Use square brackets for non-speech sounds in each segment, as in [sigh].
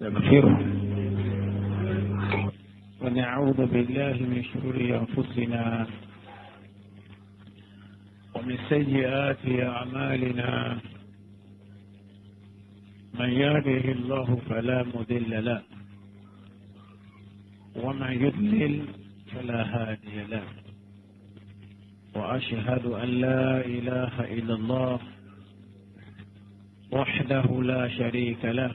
نستغفره ونعوذ بالله من شرور أنفسنا ومن سيئات أعمالنا من يهده الله فلا مذل له ومن يضلل فلا هادي له وأشهد أن لا إله إلا الله وحده لا شريك له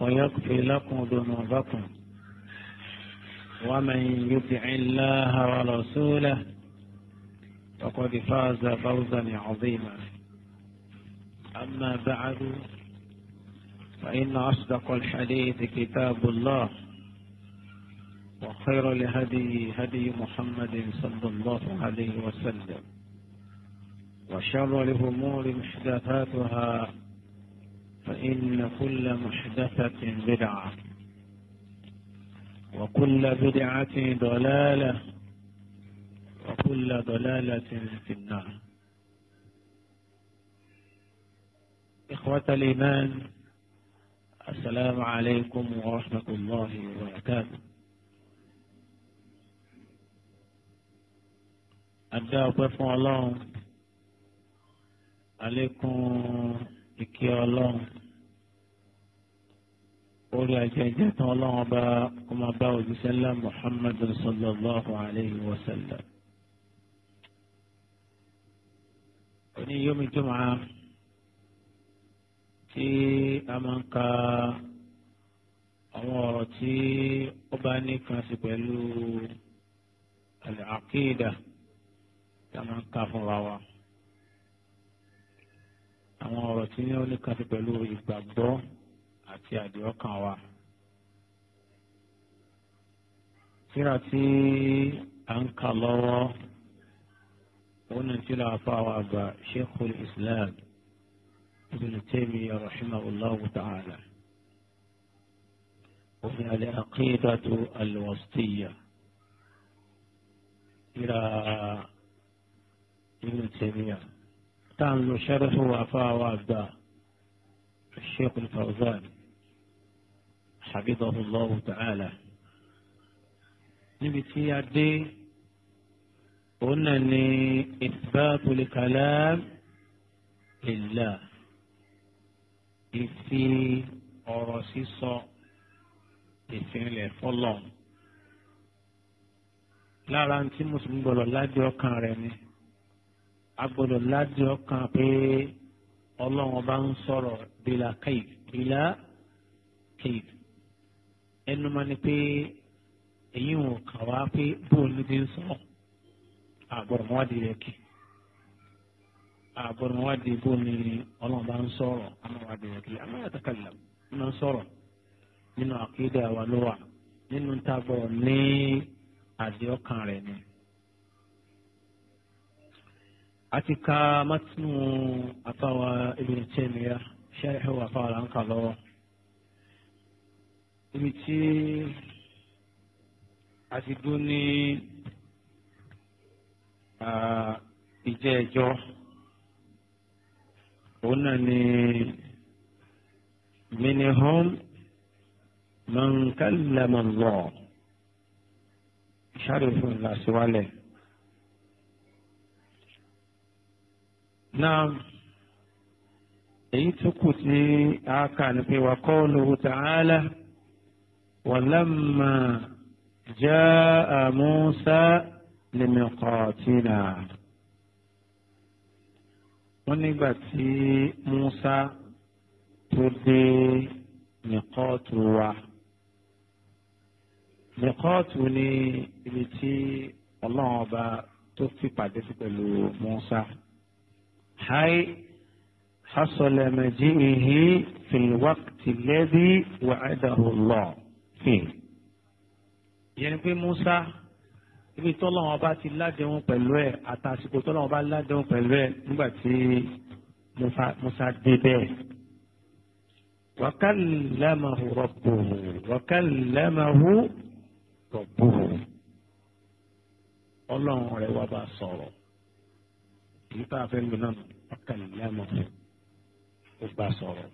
ويغفر لكم ذنوبكم ومن يطع الله ورسوله فقد فاز فوزا عظيما أما بعد فإن أصدق الحديث كتاب الله وخير لهدي هدي محمد صلى الله عليه وسلم وشر الأمور محدثاتها فإن كل محدثة بدعة وكل بدعة ضلالة وكل ضلالة في النار إخوة الإيمان السلام عليكم ورحمة الله وبركاته أبدأ أقف الله عليكم ìkẹ́ ọlọ́run orí ajẹ́jẹ́ tán ọlọ́run ọba kó máa bá òjíṣẹ́ ńlá muhammad sallallahu alayhi wa sallam. oní yomi jùmọ̀ tí a máa ń ka àwọn ọ̀rọ̀ tí ó bá ní kan sí pẹ̀lú al tí a máa ń ka fúnra wa. wa. àwọn ọ̀rọ̀ tí ó ní kan ṣe pẹ̀lú ìgbàgbọ́ àti ọkàn wa. síra tí a ń kà lọ́wọ́ òun náà tí lọ́wọ́ fún wa àgbà Sheikhul Islam Ibn Taymiyyah rahimahullahu ta'ala. ومن العقيدة الوسطية إلى ابن تيمية تام المشرف وافا وافدا الشيخ الفوزان حفظه الله تعالى نبي تي عدي قلنا ان اثبات لكلام الله في أرسيس إثنين لفلون لا لا أنت مسلم بلو لا ديو كان رمي agbọ́dọ̀ ládìí ọkàn pé ọlọ́run bá ń sọ̀rọ̀ bílà kéèd bílà kéèd ẹnu máa ní pé èyí ò kà wá pé bóun ní ti ń sọ̀rọ̀ àgbọ̀dọ̀ wọn di rẹ̀ kì àgbọ̀dọ̀ wọn di bóun ní ọlọ́run bá ń sọ̀rọ̀ àmọ́ wá kì àmọ́ ń sọ̀rọ̀ nínú àkéde àwọn ló nínú tábọ̀ ní àdìọ́kàn rẹ̀ ni àti ka mátínú àfáwà Ibn Taymiyyah ṣẹ́rìhẹ́ wà fáwà là ń kà lọ́wọ́ ibi tí a ti dún ní ìjẹ́ ẹjọ́ òun náà ni minihom man kallama Allah ṣáàrẹ̀ fún ìlàsíwálẹ̀. náà èyí tó kù tí a kà ní pé wàkọ́ lówó tààlà wàlámà já àmúṣá lèmìkọ̀tìnà. wọ́n nígbà tí Musa tó dé mìkọ́tù wa mìkọ́tù ní ibi tí ọlọ́run ọba tó fi pàdé sí pẹ̀lú Musa. حي حصل مجيئه في الوقت الذي وعده الله فيه يعني في موسى ibi tọ́lọ́wọ́n bá ti ládéhùn pẹ̀lú ẹ̀ àtàsìkò tọ́lọ́wọ́n bá ládéhùn pẹ̀lú ẹ̀ nígbà tí musa dé bẹ́ẹ̀. wakallamahu rabbuhu wakallamahu rabbuhu ọlọ́run rẹ̀ wá bá sọ̀rọ̀ kì tá a fẹ́ lò náà. فكلمه وبصره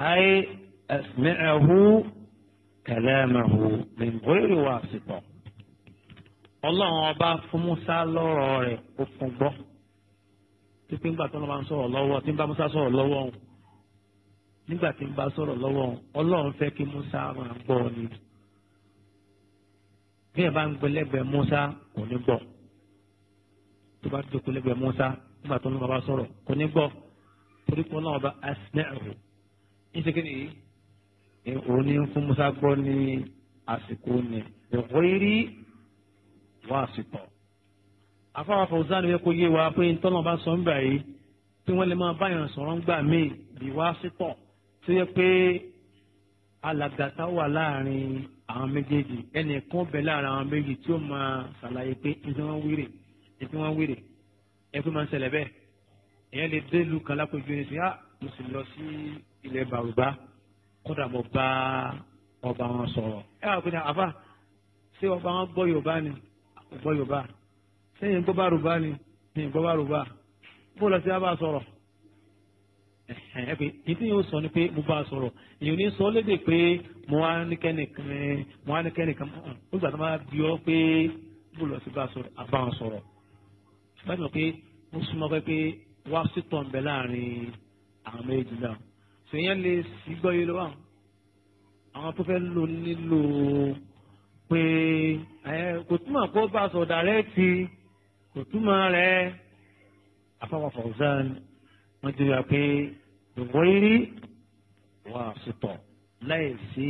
أي أسمعه كلامه من غير واسطة ọlọ́run ọba fún musa lọ́rọ̀ rẹ̀ ó fún gbọ́ títí ńgbà tó ń bá sọ̀rọ̀ lọ́wọ́ tí ń bá musa sọ̀rọ̀ lọ́wọ́ òun nígbà tí ń bá sọ̀rọ̀ lọ́wọ́ òun ọlọ́run fẹ́ kí musa máa gbọ́ ni bí ẹ̀ bá ń gbẹlẹ́gbẹ̀ẹ́ musa kò ní gbọ́ tó bá jókòó lẹ́gbẹ̀ẹ́ Musa nígbà tó ń bá sọ̀rọ̀ kò ní gbọ́ torí pé náà bá asinahu ìṣèkìrì òun ní fún Musa gbọ́ ní àsìkò ní ìwé rí wọ́n àsìkò afáwọn afọwọ́sá ni wọ́n kò yé wa pé ntọ́nà bá sọ ń bẹ̀ yìí tí wọ́n lè máa báyàn sọ̀rọ̀ ń gbà míì bí wá sítọ̀ tó yẹ pé alàgàtà wà láàrin àwọn méjèèjì ẹnì kan bẹ̀ láàrin àwọn méjèèjì tí ó máa ṣàlàyé pé ìdánwò wíìrì ní tí wọ́n wéré ẹ pé máa ń ṣẹlẹ̀ bẹ́ẹ̀ èèyàn lè dé ìlú kan lápòjú ẹni sí mo sì lọ sí ilẹ̀ bàrùbá kódà mo bá ọba wọn sọ̀rọ̀ ẹ wà pé ní àbá ṣé ọba wọn gbọ́ yorùbá ni gbọ́ yorùbá sẹ́yìn gbọ́ bàrùbá ni sẹ́yìn gbọ́ bàrùbá bó lọ sí abá sọ̀rọ̀ ẹ pé ìdí yóò sọ ni pé mo bá a sọ̀rọ̀ èyàn ní sọ lédè pé mo wá ní kẹ́nìkan mo wá ní kẹ́nìkan ó gbà tó máa bí ọ pé bó lọ sí bá a sọ̀rọ̀ àbá wọn sọ̀rọ̀ bá mi pé ó súnmọ́ pé pé wá sítọ̀ ń bẹ láàrin àwọn méjì náà sèyàn lè sí gbọ́ yé lọ́wọ́ àwọn tó fẹ́ lò nílò pé kò túmọ̀ kó bá a sọ dàrẹ́ẹ̀tì kò túmọ̀ rẹ̀ afáwọn fọ̀ọ́sán wọ́n ti wá pé ìwọ́ irí wà sítọ̀ láì sí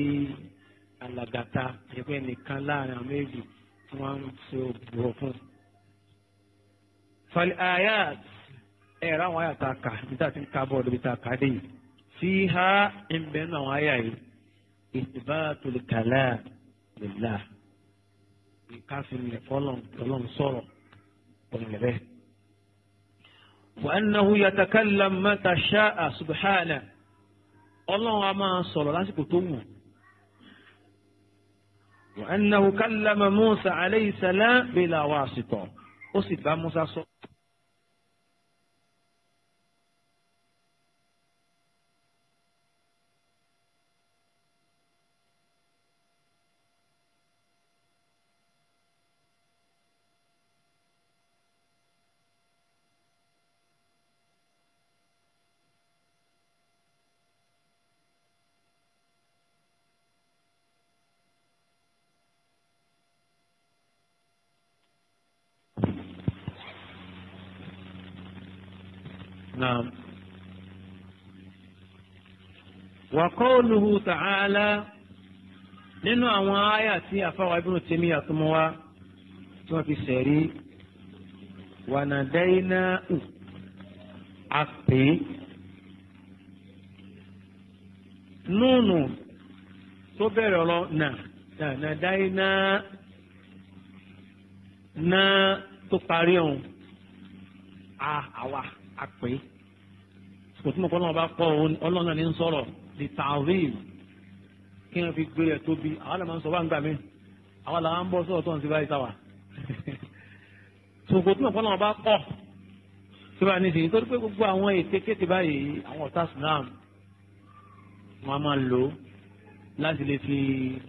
alàgàtà ẹgbẹ́ nìkan láàrin àwọn méjì tí wọ́n ń ṣe òbúrọ̀ fún un. فالآيات إيه رأوا آيات تاكا بتاعت الكابود بتاكا دي فيها إن بين آيات إثبات الكلام لله الكافر يقولون يقولون صورة ونبه وأنه يتكلم متى شاء سبحانه الله ما صلى الله عليه وأنه كلم موسى عليه السلام بلا واسطة أصيب موسى صلى wa qawluhu ta'ala nínú àwọn àyà tí àfáwà Ibn Taymiyyah àtúmọ̀ wa tí wọ́n fi sẹ̀rí wànàdẹ́yìnà àpè núùnù tó bẹ̀rẹ̀ ọ̀rọ̀ nà nàdáyìnà nà tó parí ọ̀hún àwa àpè kò tí mo kọ́ ọlọ́run bá pọ̀ ọlọ́run náà ní ń sọ̀rọ̀ lè tààrin kí wọ́n fi gbé rẹ̀ tóbi àwọn làwọn sọ wá ń gbà mí àwọn làwọn ń bọ́ sọ̀rọ̀ tó ń ti báyìí sáwà sòkòtò náà fọlọ́n bá pọ̀ síbà ní ìsìn nítorí pé gbogbo àwọn ète kéte báyìí àwọn ọ̀tá Islam wọn a máa lò ó láti lè fi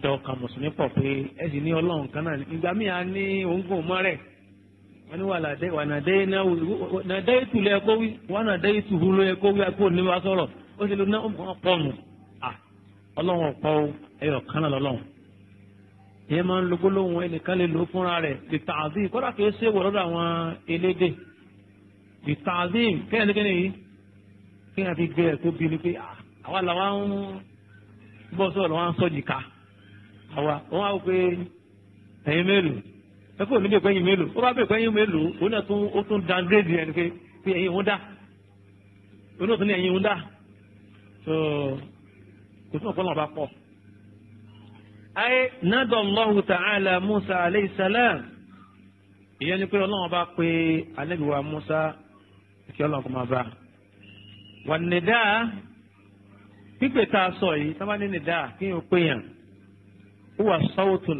dọ̀ọ̀kà mùsùlùmí pọ̀ pé ẹ sì ní ọlọ́run kan náà ìgbà míì a ní òǹgùn mọ́rẹ̀ wọ́n ní wà nàdé ìtù lẹ́ẹ̀kọ́ wí wọ́n nàdé ìtù hù lẹ́ẹ̀kọ́ wí àpò òní wa sọ̀rọ̀ ó lè lo náà ó máa pọ̀ nù ọlọ́run ọ̀pọ̀ ẹyọ kan náà lọ́lọ́run ìyẹn máa ń lo gbólóhùn ẹnìkan lè lò ó fúnra rẹ̀ ìtààzí kódà kìí ṣe wọ̀ lọ́dọ̀ àwọn elédè ìtààzí kéèyàn nìkan yìí kéèyàn fi gbé ẹ̀ tó bí ni pé àwa làwa ń bọ́ sọ̀rọ̀ làwa ń sọ́jì ká àwa wọ́n á wò ẹ̀yin mélòó ẹ kò ní bẹ̀ pé mélòó ó bá bẹ̀ pé mélòó òun náà tún ó tún downgrade yẹn ni pé ẹ̀yin òun dá òun náà tún ní ẹ̀yin òun dá so kò tún ọ̀pọ̀lọpọ̀ bá pọ̀. ayé nádọ̀ Allahu ta'ala Musa aleyhi salam ìyẹn ni pé ọlọ́run bá pe anábìwá Musa kí ọlọ́run kò máa bá a. wà nìdá pípé tá a sọ yìí sábà ní nìdá kí n ò pè yàn ó wà sawtun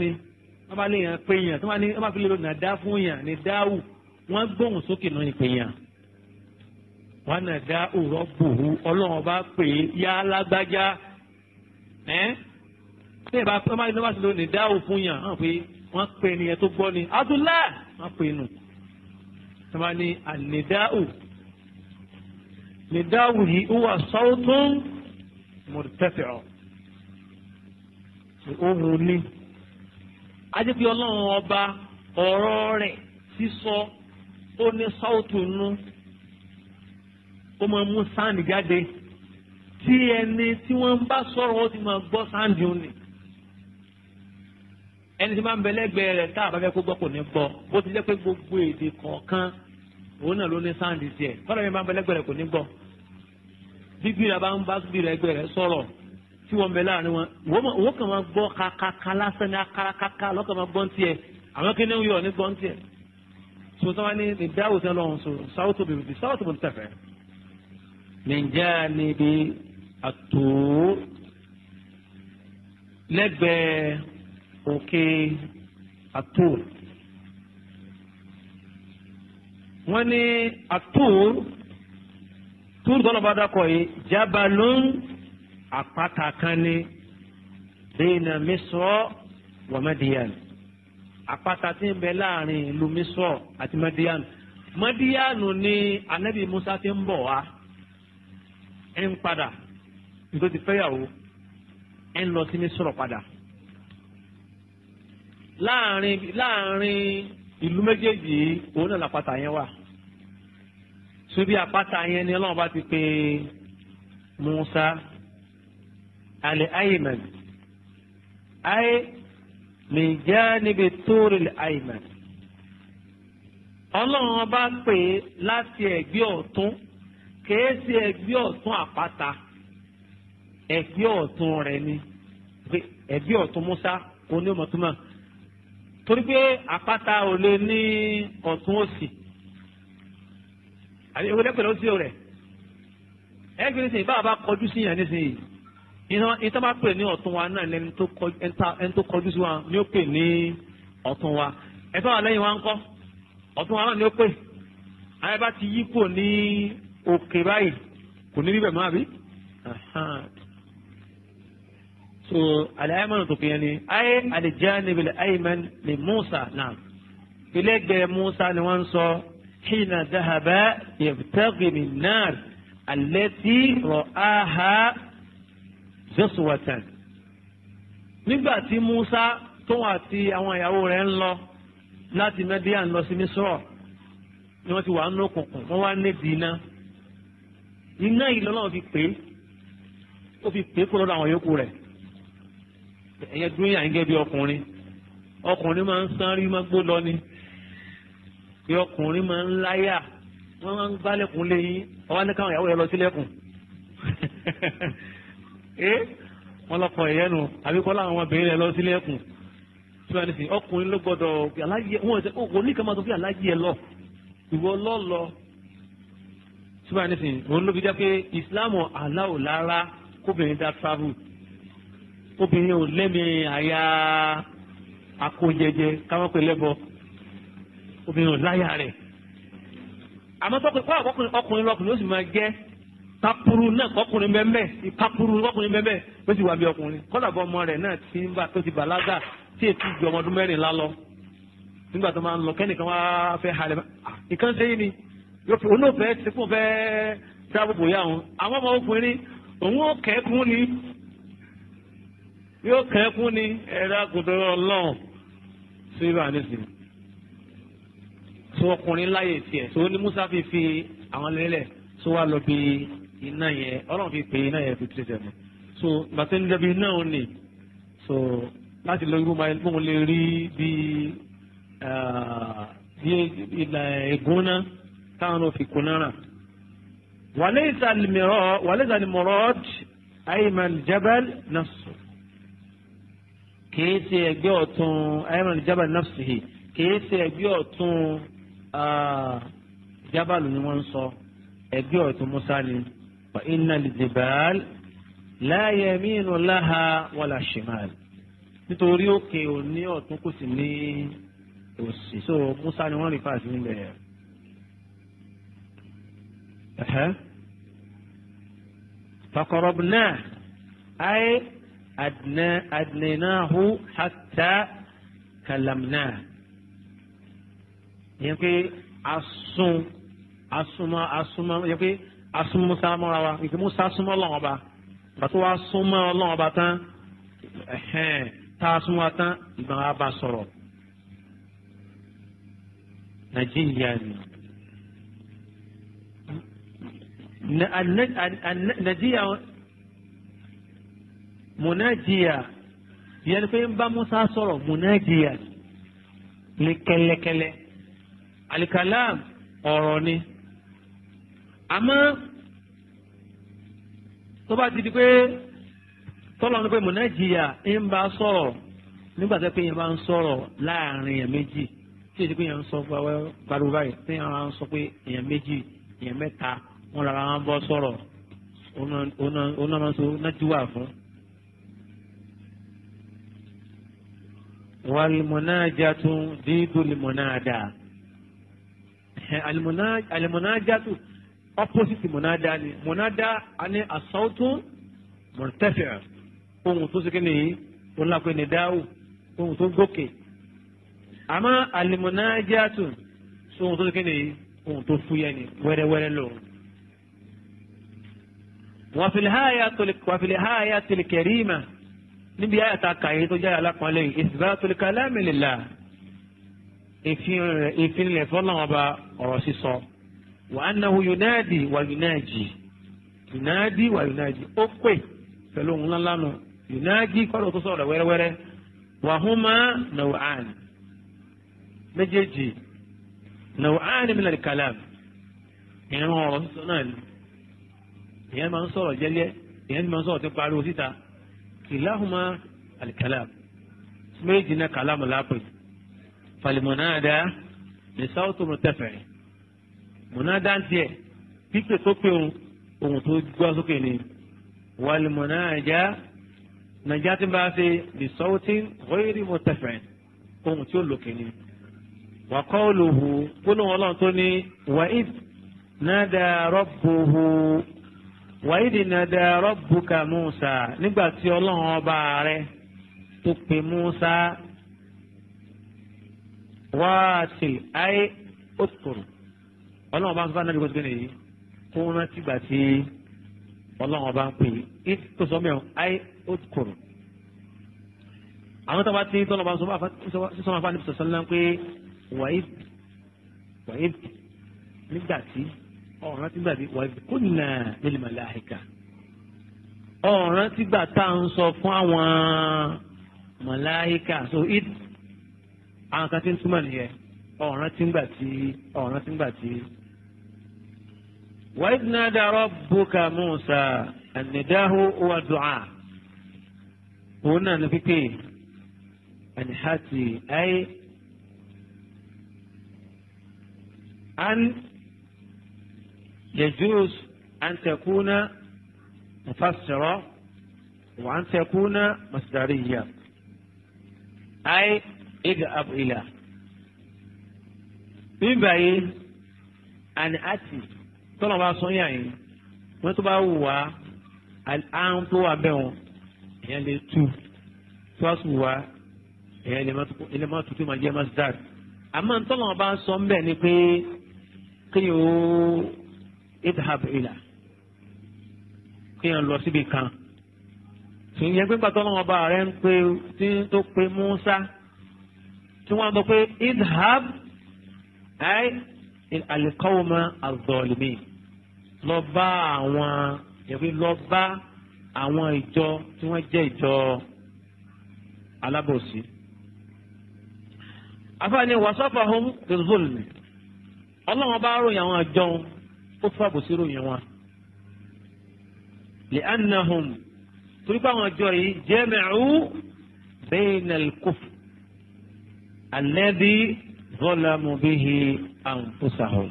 ni wọ́n bá lè yàn pé yàn tó bá fi lè lò nàdá fún yàn ní dáwù sókè náà ní pé yàn wọn nà dá òrọ bùhù ọlọ́run bá pè é yá lágbájá ẹ bẹ́ẹ̀ bá pẹ máa ní wàásù lónìí dá òfun yàn hàn pé wọn pè é nìyẹn tó gbọ́ ni Abdullah wọn pè é nù ẹ máa ní ànídáù nídáù yìí ó wà sọ́ọ́tún mọ̀tẹ́fẹ̀ọ́ òhun ni ajẹ́pẹ́ ọlọ́run ọba ọ̀rọ̀ rẹ̀ sísọ ó ní sọ́ọ́tún nù kó máa mú sáàndì jáde tí ẹni tí wọ́n bá sọ̀rọ̀ ó ti máa gbọ́ sáàndì òní ẹni tí máa ń bẹ lẹ́gbẹ̀ẹ́ rẹ̀ tá a bá fẹ́ kó gbọ́ kò ní gbọ́ bó ti jẹ́ pé gbogbo èdè kọ̀ọ̀kan òun náà ló ní sáàndì tiẹ̀ kọ́lọ́ mi máa ń bẹ lẹ́gbẹ̀ẹ́ rẹ̀ kò ní gbọ́ bíbí rẹ̀ bá ń bá bíbí rẹ̀ ẹgbẹ́ sọ̀rọ̀ tí wọ́n bẹ láàrin wọn wọ́n kàn máa gbọ́ kakaka lásán ní akarakaka lọ́kàn máa gbọ́n tiẹ̀ àwọn kí min janibi at-tur lẹ́gbẹ̀ẹ́ òkè at-tur wọ́n ní at-tur túrú tọ́lọ́ bá dákọ̀ yìí jabalun àpáta kan ní bayna Misra wa Madiyan àpáta tí ń bẹ láàrin ìlú Misra àti Madiyan Madiyan ni anabi Musa ti ń bọ̀ wá ẹ̀ ń padà nítorí ti fẹ́yàwó ẹ̀ ń lọ sí ní sọ̀rọ̀ padà láàrin láàrin ìlú méjèèjì yìí òun náà làpáta yẹn wà ṣùgbọ́n àpáta yẹn ni ọlọ́run bá ti pè Musa alẹ́ ayémẹ́n ayé lè jẹ́ níbi tóórì ayémẹ́n ọlọ́run bá pè láti ẹ̀gbẹ́ ọ̀tún kèé ṣe ẹgbẹ́ ọ̀tún àpáta ẹgbẹ́ ọ̀tún rẹ̀ ni ẹgbẹ́ ọ̀tún Musa onímọ̀túnmọ̀ torí pé àpáta ò lè ní ọ̀tún òsì àbí ewé lẹ́pẹ̀lẹ́ ó sí rẹ̀ ẹgbẹ́ nísìnyí bá a bá kọjú sí yàn nísìnyí ìtàn bá pè ní ọ̀tún wa náà lẹ́ni tó kọjú sí wa ni ó pè ní ọ̀tún wa ẹ̀tọ́ àlẹ́yìn wa ń kọ́ ọ̀tún wa náà ni ó pè àyẹ̀bá ti yí kò ní òkè báyìí kò ní bíbẹ̀ máa bí. so al-aymanu tó kéèyàn ni ayé al-janib al-ayman li Musa náà ilégbè Musa ni wọ́n ń sọ hina dahaba yabtaghi min nar allati ra'aha jaswatan nígbà tí Musa tóun àti àwọn ìyàwó rẹ̀ ń lọ láti Mẹ́díà ń lọ sí Mísírọ̀ ni wọ́n ti wà ń lókùnkùn wọ́n wá nídìí náà. iná yìí lọ́lọ́run fi pè é ó fi pè é kó lọ́dọ̀ àwọn yòókù rẹ̀ ẹ̀yẹ dúró yà ma gẹ́ bí ọkùnrin ọkùnrin máa ń sáré máa gbó lọ ni bí ọkùnrin máa ń láyà wọ́n máa ń gbálẹ̀kùn lẹ́yìn ọwọ́ ní káwọn ìyàwó yẹn lọ sílẹ̀kùn [laughs] ee eh? wọ́n lọ kọ nu àbí kọ́ láwọn ọmọbìnrin lọ sílẹ̀kùn tí wọ́n ti fi lọ ìwọ síbáà nísìnyí òun ló fi jẹ́ pé ìsìláàmù aláwò lára kóbìnrin dá travel obìnrin ò lẹ́mìí àyà akójẹjẹ káwọn pè lẹ́bọ obìnrin ò láyà rẹ̀ àmọ́ tọkùnrin kọ́ àkọ́kùnrin ọkùnrin lọkùnrin ó sì máa jẹ́ papuru náà kọkùnrin bẹ́ẹ̀ ìpapuru kọkùnrin bẹ́ẹ̀ ó sì wà bí ọkùnrin kọ́lá bọ́ ọmọ rẹ̀ náà ti ń bá tó ti bàlágà tí èkú ju ọmọ ọdún mẹ́rìnlá lọ nígbà tó máa ń lọ kẹ́nìkan wá fẹ́ halẹ̀ nǹkan ṣe yín ni òun ò fẹ́ sekú fẹ́ dábòbò yá wọn àwọn ọmọ obìnrin òun ò kẹ́kún ni yóò kẹ́kún ni ẹ̀rọ àgùntàn ọlọ́run síbà nísìnyí tó ọkùnrin láyè tiẹ̀ tó ní Musa fi fi àwọn lélẹ̀ tó wà lọ bí iná yẹn ọlọ́run fi pè iná yẹn fi tẹ̀ tẹ̀ mọ́ so gbàtẹ́ ń iná òun ni so láti lọ irú máa mọ̀ lè rí bí ìlà ẹ̀gún náà táwọn náà fi kuná rà. wàlẹ́sà ni mọ̀rọ́d ayman jabal nafsu kìí ṣe ẹgbẹ́ ọ̀tún ayman jabal nafsu yìí kìí ṣe ẹgbẹ́ ọ̀tún jabal ni wọ́n ń sọ ẹgbẹ́ ọ̀tún musa ni wa inna al-jibal la yaminu laha shimal nítorí òkè òní ọ̀tún kò sì ní òsì so musa ni wọ́n rí fáàsì nílẹ̀ yẹn. فقربنا أي أدنى أدنيناه حتى كلمناه يمكن أصوم أصوم أصوم يمكن أصوم موسى مرة يمكن موسى أصوم الله أبا فتوى أصوم الله أبا تان أهين تاسم واتان يبقى أبا صرو نجيا يعني nàjíyà mùnájíyà yẹn pé ń bá musa sọ̀rọ̀ mùnájíyà ní kẹ́lẹ́kẹ́lẹ́ alikalam ọ̀rọ̀ ni àmọ́ tó bá ti di pé tọ́lọ́ ní pé mùnájíyà ń bá sọ̀rọ̀ nígbà tó pé yẹn bá ń sọ̀rọ̀ láàrin yẹn méjì tí èdè pé yẹn ń sọ pariwo báyìí tí yẹn ń sọ pé yẹn méjì yẹn mẹ́ta wọn lára wọn bọ́ sọ̀rọ̀ onámọ́sọ nájúwà fún. wàlmọ́nájàtú dídú lìmọ́náàdà alìmọ́nájàtú opposite mọ́náàdà ni mọ́náàdà àní àsọ́tú mọ̀tẹ́fẹ̀ ohun tó sèké nìyí wọn lápẹ́ ní dáhù ohun tó gòkè àmọ́ alìmọ́nájàtú ohun tó sèké nìyí ohun tó fúyẹ́ ni wẹ́rẹ́wẹ́rẹ́ lòun. وفي الآية وفي الآية الكريمة níbi àyà tá a kà yìí tó jẹ́ alákọ̀ọ́lẹ̀ yìí isbatul kalami lillah ìfinilẹ̀ fọlọ́wọ́n ba ọ̀rọ̀ sísọ wa annahu yunadi wa yunaji yunadi wa yunaji ó pè pẹ̀lú òun lánàá yunaji kọ́dọ̀ tó sọ̀rọ̀ wẹ́rẹ́wẹ́rẹ́ wa huma naw'an méjèèjì naw'an minal kalam ìran ọ̀rọ̀ sísọ náà ni èèyàn máa ń sọ̀rọ̀ jẹ́jẹ́ èèyàn máa ń sọ̀rọ̀ tó pariwo síta kìláhùnmá alikalam méjì náà kàlámù lápè falimọ̀nàdà ní sáwùtò mọ̀ tẹ̀fẹ̀rẹ̀ mọ̀nàdà tiẹ̀ pípé tó pé òun ohun tó gbọ́ sókè ni walimọ̀nàdà nàìjíríà ti bá a ṣe ní sáwùtì rẹ́ẹ̀rì mọ̀ tẹ̀fẹ̀rẹ̀ ohun tí ó lòkè ni wàkọ́ọ̀lùhù gbólóhùn ọlọ́run tó ní wàhíd nàdà rọ́bùhù wàyídì nàdà rabbuka Musa nígbà tí ọlọ́run ọba rẹ tó pe Musa wáásìl ayé òtòrò ọlọ́run ọba ń sọ náà lóko tó yìí kó wọn ti gbà tí ọlọ́run ọba ń pè é tó sọ mẹ́wọ̀n ayé òtòrò àwọn tó bá ti tọ́lọ̀ bá sọ máa fa ní sọ̀sọ́ pé wàyíd wàyíd nígbà tí ọ̀ràn ti gbà bí wà kó nà lil malaika ọ̀ràn ti gbà tá à ń sọ fún àwọn màláìka so it àwọn kan ti ń túmọ̀ nìyẹn ọ̀ràn ti gbà tí ọ̀ràn ti gbà tí. wa idh nada rabbuka Musa an-nidahu wa du'a òun náà ní pípé àníhàtì ayé. يجوز أن تكون مفسرة وأن تكون مصدرية أي اذهب إلى من أن أتي طلب صيام وتبقى هو الآن تو بهم يعني تو تواصلوا يعني إلى ما تتم الجمع ازداد أما أن طلب صيام بني كي idhab ila kéèyàn lọ síbi kan ìyẹn pé pàtó ọlọ́wọ́n ọba rẹ̀ ń pe tí tó pe Musa tí wọ́n sọ pé idhab ay alikawuma azọlimi lọ bá àwọn ẹ̀rí lọ bá àwọn ìjọ tí wọ́n jẹ́ ìjọ alábòsí. afáàní wasafahum bizulmi ọlọ́wọ́n bá ròyìn àwọn àjọ ó fàbò sí ròyìn wọn. lè anahum torí pé àwọn àjọ yìí jẹ́mẹ̀rú bẹ́ẹ̀nẹ̀l kófù alẹ́bí zọ́làmù bíhi àǹfọ̀sàhùn.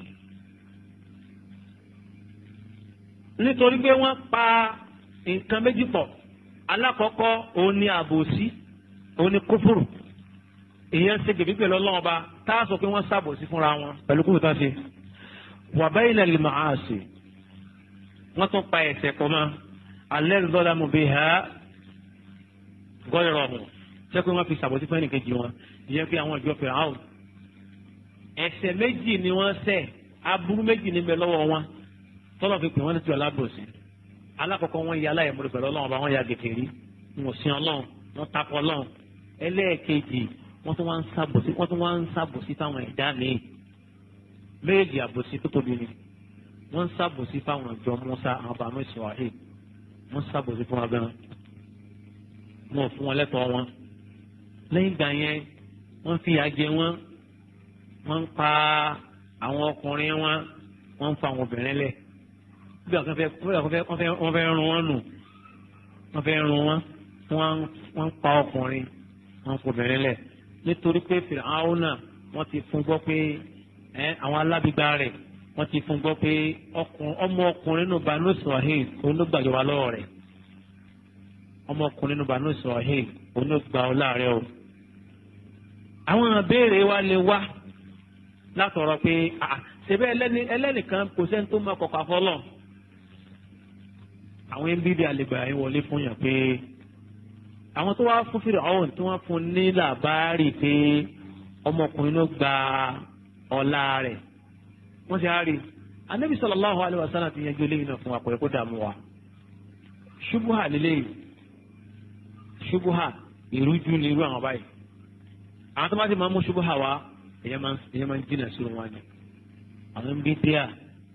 nítorí pé wọ́n pa nǹkan méjì pọ̀ alákọ̀ọ́kọ́ òun ni àbòsí òun ni kófùrù ìyẹn ṣe gbèbí pẹ̀lú ọlọ́run tá a sọ pé wọ́n ṣàbòsí fúnra wọn pẹ̀lú kófù tó ń ṣe. وبين المعاصي al-ma'asi wọ́n tún pa ẹ̀ṣẹ̀ pọ̀ mọ́ alẹ́ ńlọ́dà mo bẹ ha gọ́ọ̀rọ̀ في jẹ́ pé wọ́n fi sàbọ̀tí fún ẹnìkejì wọn ìyẹn pé àwọn ìjọ fẹ̀rẹ̀ àwọn. ẹ̀ṣẹ̀ méjì ni wọ́n ṣẹ̀ aburú méjì ni bẹ lọ́wọ́ wọn tọ́lọ̀ fi pè wọ́n ní ti ọ̀làbòsí alákọ̀ọ́kọ́ wọn ya aláìmọ̀rẹ́ pẹ̀lú ọlọ́run ọba wọn ya gẹ̀tẹ̀rí wọn sin ọlọ́run wọn tapọ̀ ọlọ́run ẹlẹ́ẹ̀kejì wọ́n tún wá ń sàbòsí táwọn ẹ̀dá míì méjèèjì àbòsí tó tóbi ni wọ́n ń sàbòsí fáwọn ọ̀jọ́ Musa àwọn bàánú ìsìnwáhì wọ́n ń sàbòsí fún wọn gan wọn ò fún wọn lẹ́tọ̀ọ́ wọn lẹ́yìn ìgbà yẹn wọ́n fi àjẹ wọn wọ́n ń pa àwọn ọkùnrin wọn wọ́n ń fa àwọn obìnrin lẹ̀ bí wọ́n fẹ́ wọ́n fẹ́ rún wọn nù wọ́n fẹ́ rún wọn wọ́n ń pa ọkùnrin wọ́n ń fa obìnrin lẹ̀ nítorí pé fìlà áwọn náà wọ́n ti fún gbọ́ pé àwọn alábìgbà rẹ̀ wọ́n ti fún gbọ́ pé ọmọ ọkùnrin nù bá nù sọ̀hìn òun ló gbàjọba lọ́wọ́ rẹ̀ ọmọ ọkùnrin nù bá nù òun ló gbà ọ́ láàrẹ̀ o. àwọn ìbéèrè wa lè wá látọ̀rọ̀ pé ṣebí ẹlẹ́nìkan kò sẹ́ni tó máa kọ̀kọ̀ afọ́lọ̀ àwọn ẹnbídìí àlègbà yẹn wọlé fún yàn pé àwọn tó wá fún fìrà ọ̀hún tí wọ́n fún ní làbárì pé ọmọkùnrin ló gba ọ̀la rẹ̀ wọ́n ti á rí anabi sallallahu alayhi wa sallam ti yanjú eléyìí náà fún wa pẹ̀lú kó dààmú wa ṣubuha lélẹ́yìí ṣubuha ìrújú ni irú àwọn báyìí àwọn tó bá ti máa mú ṣubuha wa èèyàn máa ń jìnnà sírun wa ni àwọn bí díà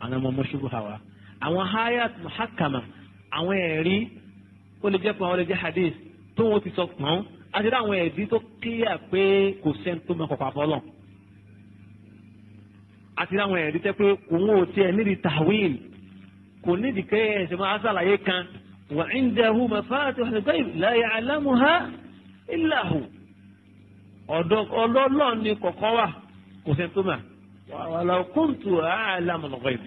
àwọn ọmọ mú ṣubuha wa àwọn hayat muhakama àwọn ẹ̀rí ó lè jẹ́ pọ́n ó lè jẹ́ hadith tó wọn ti sọ pọ́n àti láwọn ẹ̀rí tó kíyà pé kò sẹ́ni tó mọ kọ̀ọ̀kan àti láwọn ẹ̀rí tẹ́ pé kò ń wò tiẹ̀ nídìí tàwíìl kò nídìí kẹ́ ẹ̀ ṣe máa ṣàlàyé kan wà ń dẹ̀hu mafatihul ghaib la ya'lamuha illa hu ọ̀dọ̀ ọlọ́lọ́ ni kọ̀kọ́ wà kò sẹ́ni tó mà wa law kuntu a'lamul ghaib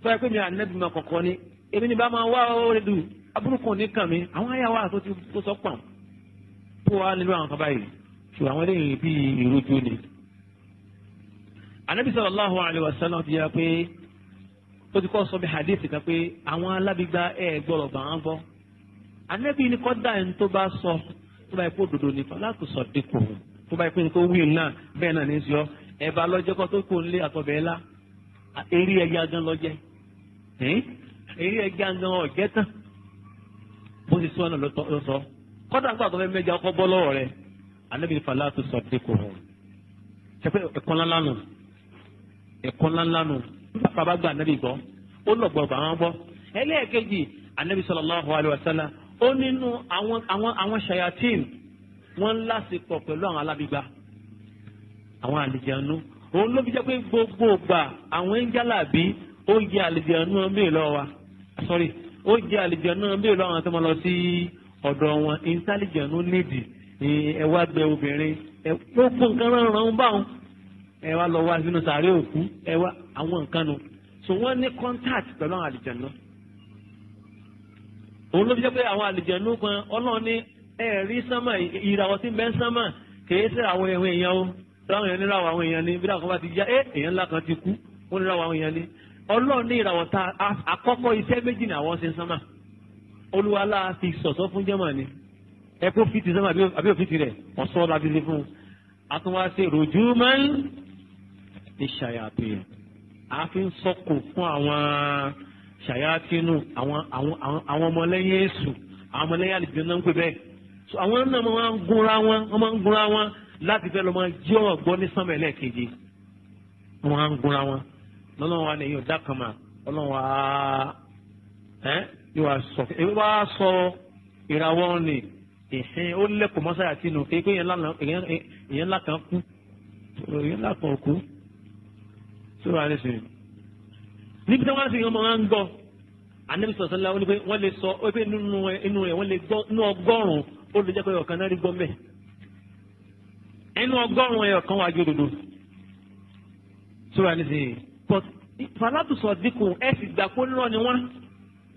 tó yẹ pé mi ànábì máa kọ̀kọ́ ni èmi ni bá máa wá oore dùn abúrúkọ ní kàn mí àwọn àyà wa tó ti tó sọ pàm tó wà nínú àwọn kan báyìí ṣùgbọ́n àwọn eléyìí bíi ìrújú ni anabi sallallahu alayhi wa sallam ti yára pé ó ti kọ́ sọ bí hadith kan pé àwọn alábìgbà ẹ̀ gbọ́dọ̀ bá wọn bọ́ anabi ni kọ́ da ẹni tó bá sọ tó bá yẹ kó dodo ní fa láti sọ dínkù tó bá yẹ kó ní kó wíìn náà bẹ́ẹ̀ náà ní sọ ẹ̀ bá lọ́jọ́ kọ́ tó kó nílé àtọ̀bẹ̀ ẹ̀ la eré ẹja gan lọ́jẹ́ eré ẹja gan ọ̀jẹ́ tán bó ti sọ náà sọ kọ́dà nígbà tó fẹ́ mẹ́ja bọ́ lọ́wọ́ rẹ̀ anabi ni fa láti dínkù ṣe pé ẹ̀kọ́ ńlá lánàá ẹ̀kọ́ ńláńlá nu bàbá gba anabi gbọ́ ó lọ gbọ́ bàbá wọn gbọ́ ẹlẹ́ẹ̀kejì anabi sallallahu alayhi wa sallam ó nínú àwọn àwọn àwọn shayatin wọ́n ń lásìkò pẹ̀lú àwọn alábìgbà àwọn àlìjẹ̀nu òun ló fi jẹ́ pé gbogbo gbà àwọn ẹ̀ńjálàbí ó jẹ́ àlìjẹ̀nu ọmọ ìlọ wa sorry ó jẹ́ àlìjẹ̀nu ọmọ ìlọ àwọn tó máa lọ sí ọ̀dọ̀ wọn intelligent nídìí ẹ wá gbẹ obìnrin ẹ gbogbo nǹkan rán rán báwọn ẹ wá lọ wá sínú sàárẹ̀ òkú ẹ wá àwọn nǹkan nu so wọ́n ní contact pẹ̀lú àwọn àlìjẹ̀nu òun ló fi jẹ́ pé àwọn àlìjẹ̀nu kan ọlọ́run ní ẹ̀rí sánmà ìràwọ̀ tí ń bẹ ń sánmà kìí sí àwọn ẹ̀wọ̀n èèyàn o láwọn èèyàn níràwọ̀ àwọn èèyàn ni bí dáhùn kan bá ti já ẹ èèyàn ńlá kan ti kú wọ́n níràwọ̀ àwọn èèyàn ni ọlọ́run ní ìràwọ̀ ta àkọ́kọ́ iṣẹ́ méjì ní àwọn ṣe ń sánmà olúwalá fi sọ̀sọ́ fún jẹ́mà ẹ kó fìtì sánmà àbí òfìtì rẹ̀ ọ̀sọ́ ní ṣayàtìn a fi ń sọkò fún àwọn ṣayàtìnù àwọn àwọn àwọn ọmọlẹ́yìn èṣù àwọn ọmọlẹ́yìn àlejò náà ń pè bẹ́ẹ̀ so àwọn náà máa ń gúnra wọn wọ́n máa ń gúnra wọn láti fẹ́ lọ máa jẹ́ ọ̀rọ̀ ní sánmọ̀ ẹlẹ́ẹ̀kejì wọ́n máa ń gúnra wọn lọ́nà wa ni yóò dá kan mà ọlọ́run wa ẹ́ yóò sọ èyí wá sọ ìràwọ̀ ni ìsìn ó lẹ́kọ̀ọ́ mọ́sáyà tìǹù kéèké yẹn ńlá kan kú yẹn ńlá kan kú sọ̀rọ̀ àrẹ sìn níbi tí wọ́n á sì yàn máa ń gbọ́ anabi sọ̀sọ́ la wọ́n lè sọ pé inú rẹ̀ wọ́n lè gbọ́ inú ọgọ́rùn-ún ó lè jẹ́ pé ọ̀kan náà rí gbọ́ mbẹ́ inú ọgọ́rùn-ún ẹ̀ ọ̀kan wá ju òdodo sọ̀rọ̀ àrẹ sìn but falatùsọ̀ dínkù ẹ̀ sì gbà pé onírọ̀ ni wọ́n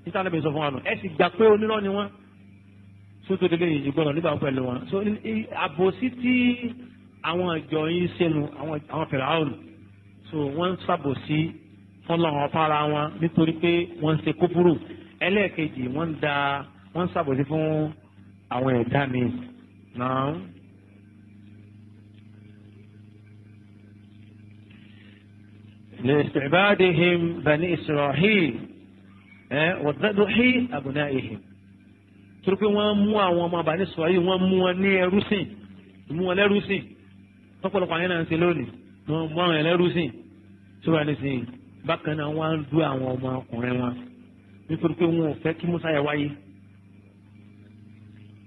níta lẹ́bi sọ fún wa nù ẹ̀ sì gbà pé onírọ̀ ni wọ́n sótó délé ìgbọ́nà nígbà pẹ̀lú wọn so àbòsí tí àwọn ìjọ yín sẹ́nu àwọn fẹ̀rẹ̀ àwọn so wọ́n ń ṣàbòsí fọlọ́hàn fara wọn nítorí pé wọ́n ń ṣe kúfúrú ẹlẹ́ẹ̀kejì wọ́n ń da wọ́n ń ṣàbòsí fún àwọn ẹ̀dá mi náà. لاستعبادهم بني إسرائيل وذبح أبنائهم torí pé wọ́n mú àwọn ọmọ bàní Ísírẹ́lì wọ́n mú wọn ní ẹrú sìn mú wọn lẹ́rú sìn tọ́pọ̀lọpọ̀ àyẹ̀nà ń ṣe lónìí wọn mú àwọn ẹlẹ́rú sìn tó bá ní bákan náà wọn á du àwọn ọmọkùnrin wọn Musa yẹ wáyé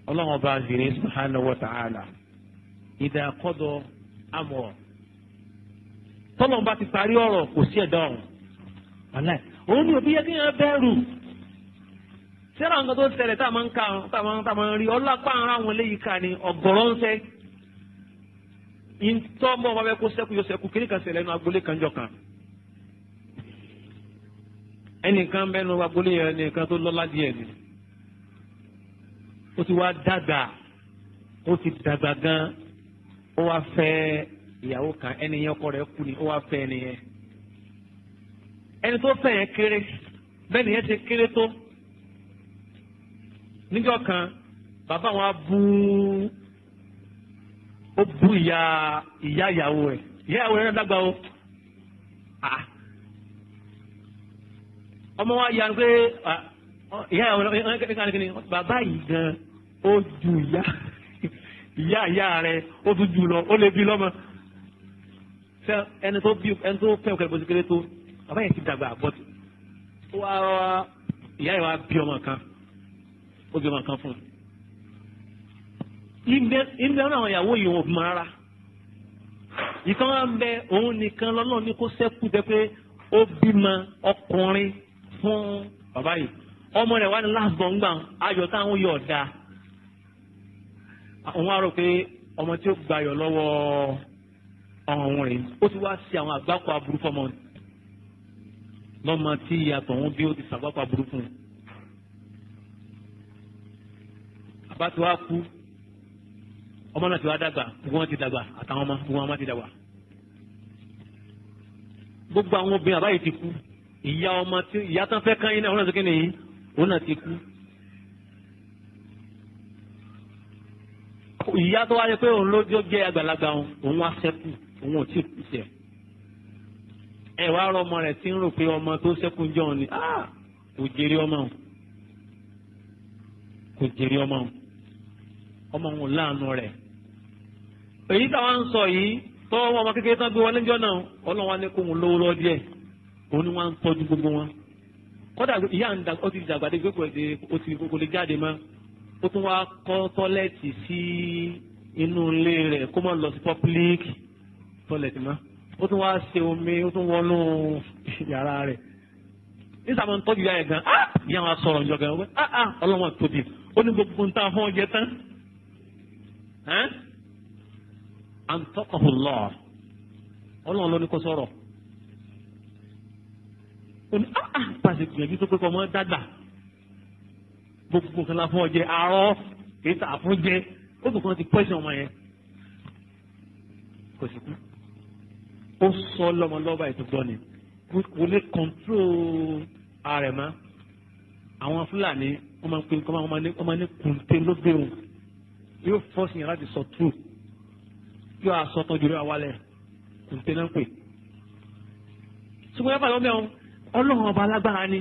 ọba zìrì subhanahu wa ta'ala ìdá kọ́dọ̀ amọ. tọ́lọ́n ti parí ọrọ kò sí ẹ̀dá ọ̀hún wàlẹ́ òun ni òbí yẹ kí nǹkan tó tá a máa ntọ́mọ wa bẹ kó sẹ́kù yóò sẹ́kù kiri kan ṣẹlẹ̀ nínú agboolé kan jọ kan ẹnìkan bẹ nínú agboolé yẹn ẹnìkan tó lọ́lá díẹ̀ ni ó ti wá dàgbà ó ti dàgbà gan ó wá fẹ́ ìyàwó kan ẹni yẹn ọkọ rẹ̀ kú ni ó wá fẹ́ ẹni yẹn ẹni tó fẹ́ yẹn kéré bẹ́ẹ̀ nìyẹn ti kéré tó níjọ́ kan bàbá wọn á ó burú ìyá ìyá ìyàwó rẹ̀ ìyá ìyàwó rẹ̀ náà dàgbà o ọmọ wa yanu pé ìyá ìyàwó rẹ̀ bàbá yìí gan ó ju ìyá ìyá ìyá rẹ̀ ó tún jù lọ ó lè bí lọ́mọ ẹni tó bí ẹni tó fẹ́ òkèlè bóṣe kéré tó bàbá yẹn ti dàgbà but wá ìyá yẹn bí ọmọ kan ó bí ọmọ kan fún un ìbẹ̀rù àwọn ìyàwó yìí wọn ò mọ rárá ìkan wá ń bẹ òun nìkan lọ́nà ní kó sẹ́kù jẹ́ pé ó bímọ ọkùnrin fún bàbá yìí ọmọ rẹ̀ wá ní láàbọ̀ngbà ayọ̀ táwọn yọ̀ ọ̀dà òun á rò pé ọmọ tí ó gbayọ̀ lọ́wọ́ ọ̀hún rẹ̀ ó ti wá sí àwọn àgbákò aburú fọmọ lọ́mọ tí ìyàtọ̀ òun bí ó ti sàgbákò aburú àbá ti wá kú ọmọ náà ti wá dàgbà gbogbo wọn ti dàgbà àtàwọn ọmọ gbogbo wọn ti dàgbà. gbogbo àwọn obìnrin àbáyé ti kú ìyá ọmọ tí ìyá tán fẹ́ kán yín náà òun náà ti kí nìyí òun náà ti kú. ìyá tó wáyé pé òun ló jẹ́ àgbàlagbà òun òun wá sẹ́kù òun ò tí ì kú sẹ́. ẹ wá rọ ọmọ rẹ̀ tí ń rò pé ọmọ tó sẹ́kù jọ̀ọ́ ni ah, kò jèrè ọmọ òun kò jèrè ọmọ òun ọmọ òun láàánú rẹ̀ èyí táwa ń sọ yìí tọ́wọ́ wọn ọmọ kékeré tán gbé wọn lẹ́jọ́ náà ọlọ́run wa ní kó wọn lówó lọ́ọ́ díẹ̀ òun ni gbogbo wọn kódà ìyá ń da ó ti dàgbà dé gbogbo èdè ó ti gbogbo lè jáde mọ́ ó tún wá kọ́ tọ́lẹ́ẹ̀tì sí inú ilé rẹ̀ kó lọ sí public tọ́lẹ̀tì mọ́ ó tún wá omi ó tún wọnú yàrá wa sọ̀rọ̀ ìjọ gan ah, ah tóbi ó ní gbogbo fún tán antaqahullah ọlọ́run ló ní kó sọ̀rọ̀ ó ní áá ah, ah, pàṣẹ gbìyànjú tó pé kọ́ ọmọ dàgbà gbogbo kan la fún ọ jẹ arọ kìí tà fún jẹ ó sì kàn ti pẹ́sìn ọmọ yẹn kò sì kú ó sọ lọ́mọ lọ́ba ètò gbọ́ ni kò lè kọ́ńtró ààrẹ mọ́ àwọn fúlàní wọ́n máa ń pè wọ́n máa ń pè wọ́n máa ń pè kùntè lóbìnrin yóò fọ́ọ̀sì yẹn láti sọ true yóò asọ́tọ̀ jùlọ àwalẹ̀ ntẹ̀nà pè. ṣùgbọ́n yàtọ̀ lọ́mọ ọlọ́run ọba alágbára ni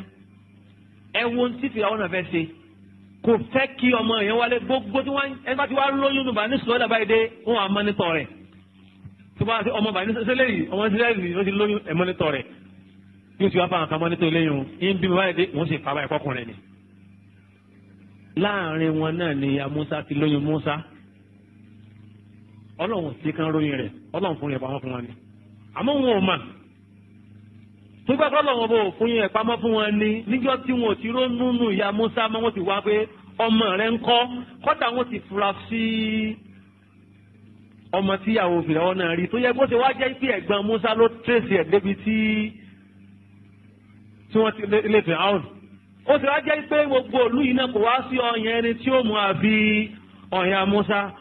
ẹ wo ti fi àwọn ọ̀nà fẹ́ ṣe kò fẹ́ kí ọmọ yẹn wálé gbogbo tí wọ́n ẹ bá ti wá lóyún nù bá ní sùlọ́dà báyìí dé wọn à mọ́nítọ̀ rẹ̀ tó bá ti ọmọ bá ní sẹ́lẹ̀ yìí ọmọ sílẹ̀ yìí ló ti lóyún ẹ̀ mọ́nítọ̀ rẹ̀ yóò ti wá fáwọn kan mọ́nítọ̀ eléyìí o yín bí mi báyìí dé wọ́n sì fà báyìí kọ́kùnrin ni. láàárín wọn náà ni ya Musa ti lóyún Musa ọlọ́run ti kan ròyìn rẹ̀ ọlọ́run fún yẹn pamọ́ fún wọn ni àmọ́ wọn ò mà nígbà tó lọ́wọ́ bò fún yẹn pamọ́ fún wọn ni níjọ́ tí wọn ò ti rónú nù ìyá Musa mọ́ wọn ti wá pé ọmọ rẹ̀ ń kọ́ kọ́dà wọn ti fura sí ọmọ tíyàwó fìlẹ́wọ́ náà rí tó yẹ bó ṣe wá jẹ́ pé ẹ̀gbọ́n Musa ló tẹ̀sí ẹ̀ débi tí tí wọ́n ti lè fẹ́ àwọn ó ti wá jẹ́ pé gbogbo òlú yìí náà kò wá sí ọyàn ẹni tí ó mú àbí ọyàn Musa.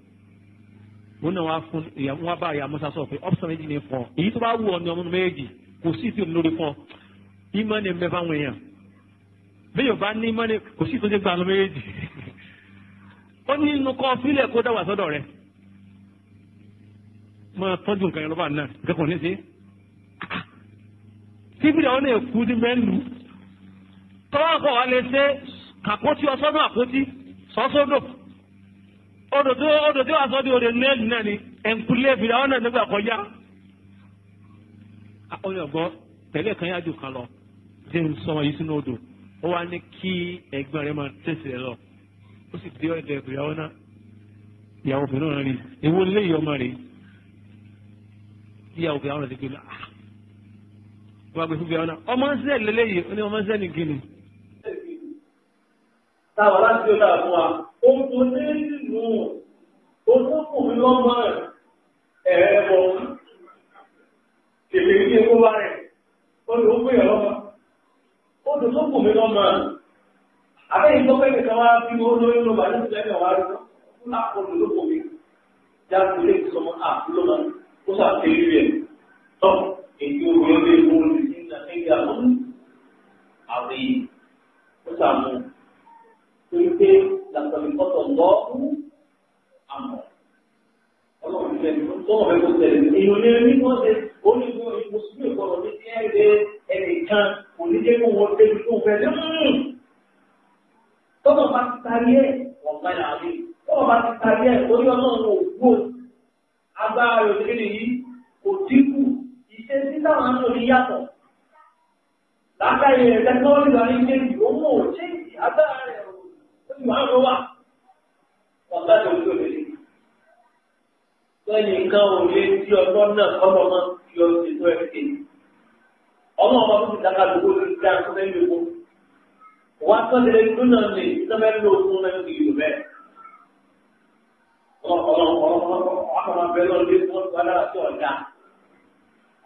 wọn náà wá fún wọn bá ìyá musa sọ pé ọpṣọ méjì ní fún ọ èyí tó bá wù ọ ní ọmọ méjì kò sí ìtò lórí fún ọ ìmọ̀ ni mẹ́fà wọn èèyàn bí yóò bá ní ìmọ̀ ni kò sí ìtò ní gbà lọ méjì ó ní inú kọ́ fílẹ̀ kó dá sọ́dọ̀ rẹ máa tọ́jú nǹkan yẹn lọ́ba náà nǹkan ní sí síbi àwọn èèkú ní mẹ́lù tọ́wọ́ kọ̀ wá lè ṣe kàkótí ọsọ́nù odò tí odò tí wàá sọ di odò nílẹ̀ náà ni ẹ̀ǹkulé fìdá ọ̀nà nígbà kọjá. ọyọ gbọ́ tẹ̀lé kan yájú kan lọ jẹ́ ń sọ yìí sínú odò ó wá ní kí ẹ̀gbọ́n rẹ̀ máa tẹ̀sí rẹ̀ lọ ó sì dé ọ̀dọ̀ ìfìdá ọ̀nà ìyàwó fìdá ọ̀nà rí ewu lé ìyọmọ rẹ̀ ìyàwó fìdá ọ̀nà ti gbé lọ. Ah. wọ́n gbé fìdá ọ̀nà ọmọ ń sẹ́ lélẹ́yìí ó ní ọmọ ń sẹ́ nìkíni. táwọn láti ṣe ó dà fún wa òun kò ní mú olókùnrin lọ́mọ ẹ̀rẹ́ bọ̀ tètè ní epo bá rẹ̀ olùkọ́ yọ̀ lọ́mọ olùkọ́kùnrin lọ́mọ àbẹ́yìn tó fẹ́ẹ́ kan wá bí olóyún ló bá ní ìlú ẹ̀mí ọ̀wá rẹ̀ fún àkọlù olókùnrin jáde lè sọmọ àbúlọ́mọ ó sàkéyìí rẹ̀ tọ́ èyí olóyún lè mú olùkọ́ ìgbà lọ́nà àwọn èèyàn ó sàmú torí pé làtọ̀lẹ́kọ̀tọ̀ lọ́ọ̀kú àmọ́ ọlọ́run fẹ́ tọ́wọ́ fẹ́ kó tẹ̀lé èèyàn ní ẹni wọ́n ṣe ó ní kó ipò síbí ìkọlọ̀ ní kí ẹ lé ẹnìkan kò ní jẹ́ kó wọ́n dé ibi tó fẹ́ lẹ́mú. Hmm. tọ́wọ́ bá ti tarí ẹ̀ wọ́n gbá yàrá mi tọ́wọ́ bá ti tarí ẹ̀ orí ọlọ́run ò gbó agbára rẹ̀ òṣèré nìyí kò dínkù ìṣe títà wọn náà ní yàtọ̀. látàrí ẹ̀ tẹkinọ́lì wà ní ṣe ìwọ́n ẹnìkan ò lè di ọjọ́ náà kọ́mọ náà yọ ètò ẹ̀ ṣe. ọmọ ọmọ tó ti dàgbà lówó ló ti dá nǹkan mẹ́rin lówó. wà á tọ́lé ẹjọ́ náà lè tó mẹ́rin lówó fún mẹ́rin kì í lò bẹ́ẹ̀. ọmọ ọmọ ọmọ ọmọ bẹ́ẹ̀ lọ lé fún ọgbà lára tó ọ̀dà.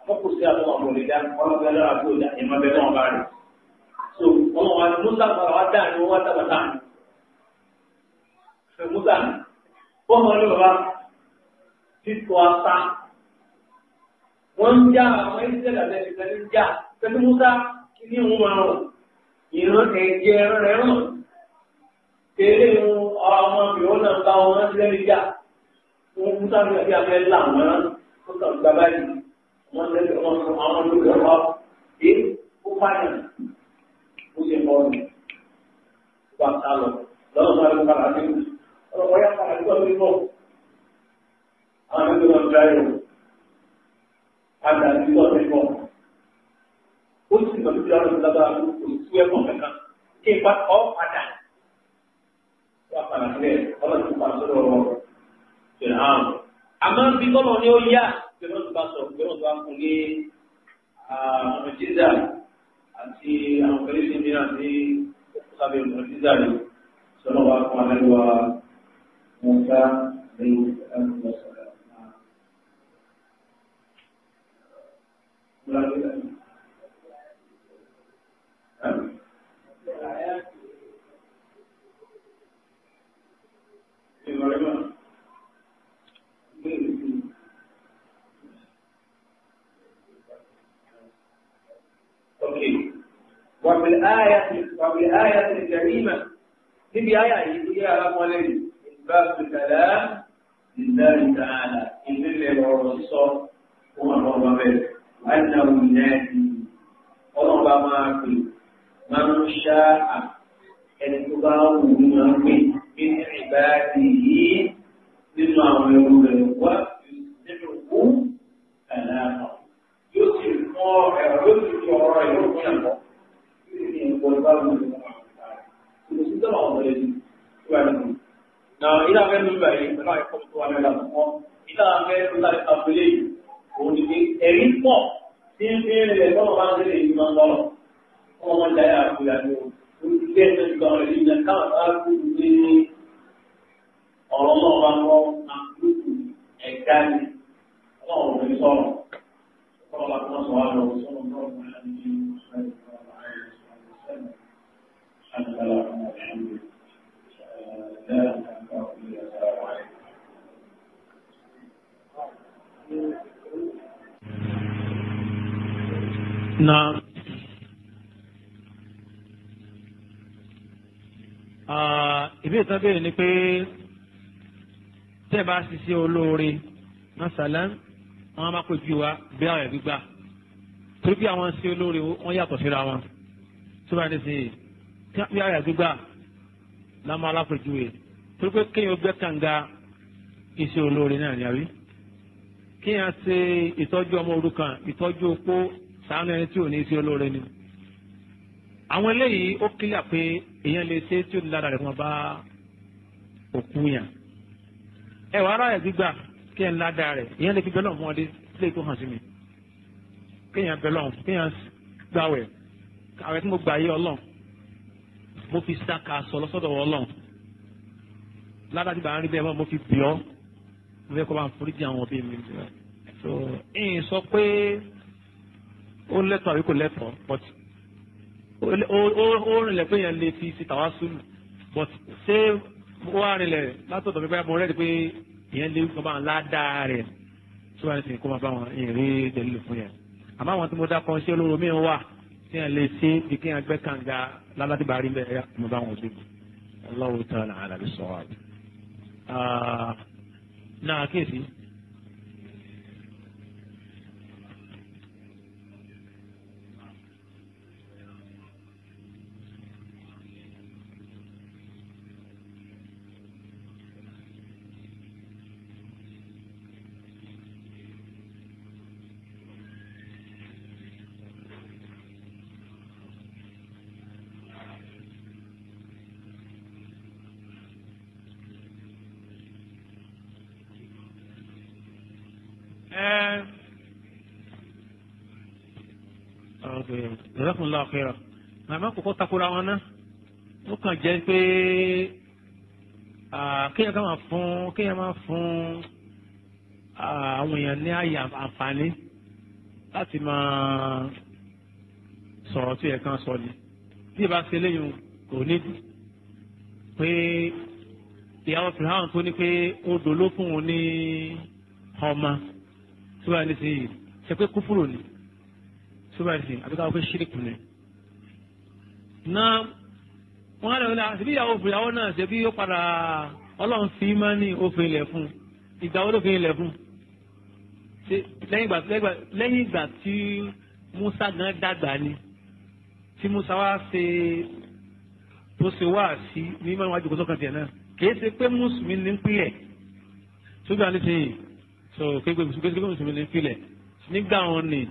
àkókò sí àwọn ọmọ lè dá ọmọ bẹ́ẹ̀ lára tó ọ̀dà ìmọ̀ bẹ́ẹ̀ náà bá rẹ̀. so ọmọ wa ni musa fara wa dáa ni wọ́n wá tàbátà. musa bọ́ọ̀mọ́ ní bàbá títú ata wọ́n ń já àwọn ìṣẹ̀lẹ̀ àti ìṣẹ̀lẹ̀ ń já pẹ̀lú musa kí òun máa rọ̀ ìran ẹ̀jẹ̀ ẹran rẹ̀ ràn tẹ́lẹ̀ ọmọ mìíràn náà bá wọn lẹ́rìí já wọ́n mú sáà nígbà tí là wọ́n ó sọ ìgbà báyìí wọ́n lẹ́sẹ̀ wọn fún àwọn olóògbé wa dé ó pààyàn ó ṣe bọ́ ọ̀nà ìgbà sálọ lọ́nà tó a lè padà dé ọ̀rọ̀ wọ́n yá padà dé àwọn tó lọ gba ẹ̀rọ àgbàdì ọ̀rẹ́ bọ̀. ó sì lọ sí ọ̀rọ̀ ìjọba òtú ẹ̀kọ́ kankan kí n bá ọ padà. wọ́n padà sílẹ̀ ọlọ́run ti pa sọ́dọ̀ ṣẹlẹ̀ hàn. àmọ́ bí kọ́nà ni ó yá gbẹ̀rọ̀ tó bá sọ gbẹ̀rọ̀ tó bá kún ní àwọn jíjà àti àwọn وفي الآية وفي الآية الكريمة في آية هي آية رقم باب الكلام لله تعالى إن اللي هو الصوت هو الرب annahu nadi ọlọ́run bá máa pè máa ń ṣá à ẹni tó bá wù ú máa pè nínú ìbáàdì yìí nínú àwọn ẹrù rẹ̀ wá nínú kú àlàáfà yóò sì mọ ẹ̀rọ yóò sì fi ọ̀rọ̀ rẹ̀ yóò fún ẹ̀kọ́ yóò sì fi ẹ̀kọ́ bá wù ú máa pè kò sí sọ́wọ́n ọ̀rẹ́ yìí tó wà nínú. Nà ilé abẹ́nu bẹ̀rẹ̀ ìpínlẹ̀ ẹ̀kọ́ tó wà nílẹ̀ àkọ́kọ́ ilé abẹ́nu láti òun ni pé ẹ̀rí pọ̀ tí ń fi rẹ̀ lọ́wọ́ bá ń rẹ̀ ní máa ń lọ́rọ̀ wọ́n máa ń da yàrá fún ìyàwó olùdíje ẹ̀sẹ̀ ìgbà rẹ̀ ní ìyàn káwọn bá kú ní ọ̀rọ̀ náà bá lọ àkókò ẹ̀ka ni ọlọ́run ò ní sọ̀rọ̀ ọlọ́run bá tún sọ wá lọ sọ̀rọ̀ náà ní الحمد لله na ìbéèrè tán béèrè ni pé tẹ́ ẹ bá ṣiṣẹ́ olóore masalan wọn máa pè bí wa bí àwọn ẹ̀rí gbà torí bí àwọn ṣe olóore wọn yàtọ̀ síra wọn tó bá ní sìn bí àwọn ẹ̀rí gbà lámọ́ alápèjúwe torí pé kéèyàn gbẹ́ kànga iṣẹ́ olóore náà ni àbí kéèyàn ṣe ìtọ́jú ọmọ òrukàn ìtọ́jú opó sànù ẹni tí ò ní sí olóore ni àwọn eléyìí ó kílíà pé èèyàn lè ṣe tí ó ní lára rẹ̀ wọn bá òkú yàn ẹ wàá ráyè gbígbà kí ẹ ń ládàá rẹ̀ èèyàn lè fi bẹ́lọ̀ fún ọdẹ sílé tó hàn sí mi kéèyàn bẹ́lọ̀ kéèyàn gbàwẹ̀ àwẹ̀ tí mo gbà yé ọlọ́run mo fi saka sọ lọ́sọ̀dọ̀ ọlọ́run ládàá ti bàá rí bẹ́ẹ̀ mo fi bì ọ́ mo fẹ́ kọ́ bá ń foríjì àwọn òbí mi. so ìyìn sọ pé ó lẹ́tọ̀ àbí kò lẹ́tọ̀ but ó rìnlẹ̀ pé yẹn lè fi síta wá sùlù but ṣé ó wá rìnlẹ̀ látọ̀dọ̀ mi báyà mo rẹ́ẹ̀dì pé ìyẹn lè gbọ́n máa ládàá rẹ̀ tí wọ́n ti kó máa bá wọn ìrírí dẹ̀lú fún yẹn àmọ́ àwọn tí mo dá kan ṣé olóró mi wà tí yẹn lè ṣe bí kí yẹn gbẹ́ kànga lálátìbárí bẹ́ẹ̀ mo bá wọn ṣe Allahu ta'ala ala bis-sawab ah, náà kíyèsí. jazakumullahu khaira màmá kòkó takora wọn náà ó kàn jẹ́ pé kéèyàn ká máa fún kéèyàn máa fún àwọn èèyàn ní àyè àǹfààní láti máa sọ̀rọ̀ tí ẹ̀ka sọ ni tí ìbá ṣe léyìn kò nídìí pé ìyàwó fìhàn tó ní pé ó dòló fún òun ní ọmọ tí wọ́n á ní sí ṣe pé kúfúrò ni tí wọ́n ní sí àbíká wọ́n pé ṣírìkù ni náà wọn á lọ wọlé àti bí ìyàwó ìyàwó náà ṣe bí yóò padà ọlọ́run fi máa ní òfin ilẹ̀ fún ìgbà wo ló fi ilẹ̀ fún lẹ́yìn ìgbà tí Musa gan dàgbà ni tí Musa wá ṣe tó ṣe wá sí ní mọ́ni wájú kó sọ́kàn tiẹ̀ náà kì í ṣe pé mùsùlùmí ní ń pilẹ̀ ṣùgbọ́n àti sìn so kégbé mùsùlùmí ní ń pilẹ̀ nígbà wọn ni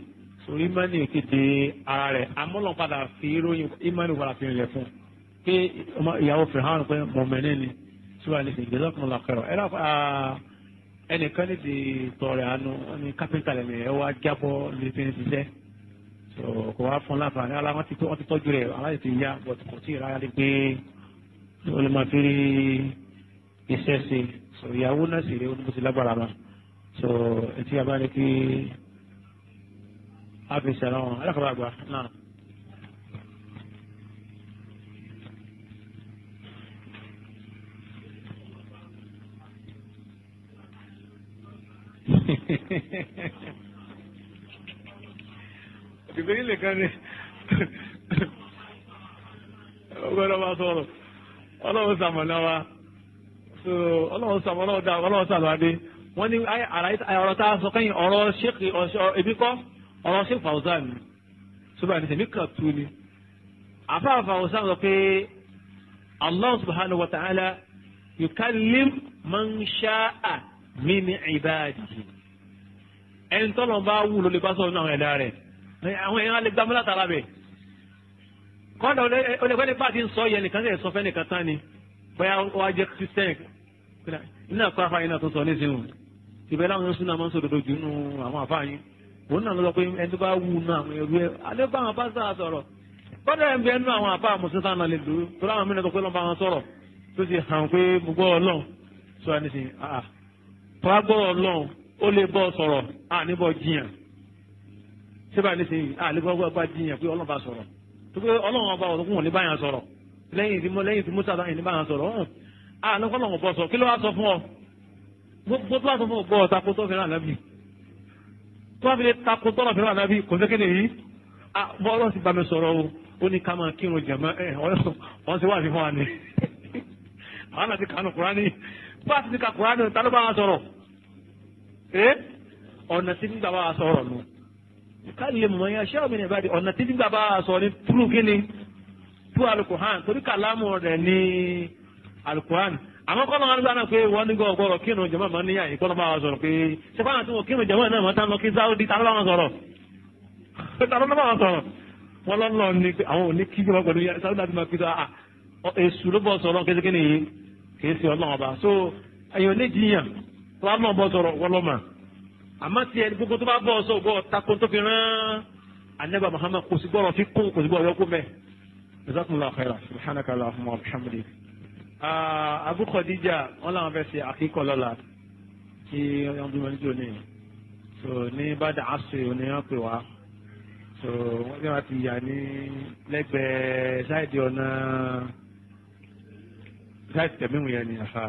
sori imani kéde ara rẹ̀ amọlọ padà fi ìròyìn imani padà fi rìn lẹ fún pé ìyàwó fìhàn pé mọmẹni ni sùgbọn ní sèǹdé lọkùnrin lọkẹrọ ẹ lọ ẹnìkan ní ti tọrẹ àánú ní kápẹ́ńtà lẹ́nu ẹ wá jábọ́ létí ní ṣiṣẹ́ kò wá fún láǹfààní ala wọn ti tọ́jú rẹ̀ aláyè ti yá bọ̀t kò tí ì ráyà lé pé ó iṣẹ́ ṣe ìyàwó náà sì rí ó lágbára ma so etí abáyé kí àfi sẹ̀rọ̀ wọn alákọ̀ọ́bá àgbà náà. kìtìrì nìkan bá sọ̀rọ̀ ọlọ́run sàmọ̀nà wa ọlọ́run sàmọ̀nà ọ̀dà ọlọ́run sàlọ́adé wọ́n ní ọ̀rọ̀ tá a sọ kẹ́yìn ọ̀rọ̀ ṣéèkì ebi kọ́ ọ̀rọ̀ ṣe fàwùsàn ni ṣùgbọ́n àti tèmi kàn tu ni àfáà fàwùsàn sọ pé allah subhanahu wa ta'ala yukallim man sha'a min ibadihi ẹni tọ́lọ̀ bá wù ló lè bá sọ̀rọ̀ àwọn ẹ̀dá rẹ̀ àwọn èèyàn lè gbámúlá tara bẹ̀ kọ́ńdà olùkọ́ni bá sọ yẹn nìkan lè sọ fẹ́ nìkan ni bóyá wàá jẹ́ christian iná kọ́ afáyín náà tó sọ nísìnyí ìbẹ̀lẹ́ àwọn oníṣúná máa ń sọ òdodo jù nù àwọn afáyín òun náà lọ pé ẹni tó bá wù nù àwọn ẹrú ẹ alẹ́ bá àwọn pásítọ̀ sọ̀rọ̀ kọ́dà ẹ̀ ń bẹ nú àwọn àbá àmọ̀sí sáà náà lè lò ó tó láwọn mìíràn sọ pé lọ́n bá wọn sọ̀rọ̀ tó ti hàn pé mo gbọ́ ọlọ́run sọ ẹni sìn àà tó bá gbọ́ ọlọ́run ó lè bọ́ sọ̀rọ̀ à níbọ̀ jiyàn síbà ní sìn à lè bọ́ bá jiyàn pé ọlọ́run bá sọ̀rọ̀ tó pé ọlọ́run ọba òkun ní báyàn sọ̀rọ̀ lẹ́yìn tí Musa ní báyàn sọ̀rọ̀ à ní kọ́lọ́run bọ́ sọ tó bá fi lè takò tọrọ fẹ́ràn ànábì kò sí kéde yìí bọ́ọ̀lù ti bá mi sọ̀rọ̀ o ó ní ká kírun jàmá ẹ̀ wọ́n ti wá sí fún wa ni àwọn àti kanu kurani bá a ti ka kurani ta ló bá wa sọ̀rọ̀ ẹ́ ọ̀nà tí nígbà bá wa sọ̀rọ̀ nù ká lè mọ̀ ya ṣé ọ̀mìnira ìbàdí ọ̀nà tí nígbà bá wa sọ̀rọ̀ ní túrú kí ni tú alukuhan torí kàlámù rẹ̀ ní alukuhan àwọn kọ́ lọ́wọ́ sáà pé wọ́n nígbà ọgbọ́rọ̀ kírun jẹ̀mọ́ máa níyà yìí kọ́ lọ́wọ́ àwọn sọ̀rọ̀ pé ṣẹ́fà àti wọn kírun jẹ̀mọ́ náà máa tánú kí sáúdí tá lọ́wọ́ sọ̀rọ̀ tá lọ́wọ́ sọ̀rọ̀ wọ́n lọ́lọ́ ni pé àwọn òní kí jẹ̀mọ́ pẹ̀lú sáúdí àti máa kíta ah, èṣù ló bọ̀ sọ̀rọ̀ kéṣeké nìyí kì í ṣe ọlọ́wọ́ bá so èèyàn ní jiyàn lọ́wọ́ bọ̀ sọ̀rọ̀ wọlọ́mà àmọ́ ti ẹni gbogbo tó bá bọ̀ sọ gbọ́ tako tó fi rán anẹ́bà Muhammad kò sí gbọ́rọ̀ fi kún kò sí gbọ́rọ̀ yọkú mẹ́. jazakumullahu khairan Ah, Abu Khadija wọn làwọn fẹ́ ṣe àkíkọ̀ lọ́la kí wọ́n bímọ níjó ní so ní bàdà àṣẹ òní wọ́n pè wá so wọ́n bí wọ́n ti yà ní lẹ́gbẹ̀ẹ́ ṣáìdì ọ̀nà ṣáìdì tẹ̀míwò yẹn ni àfa.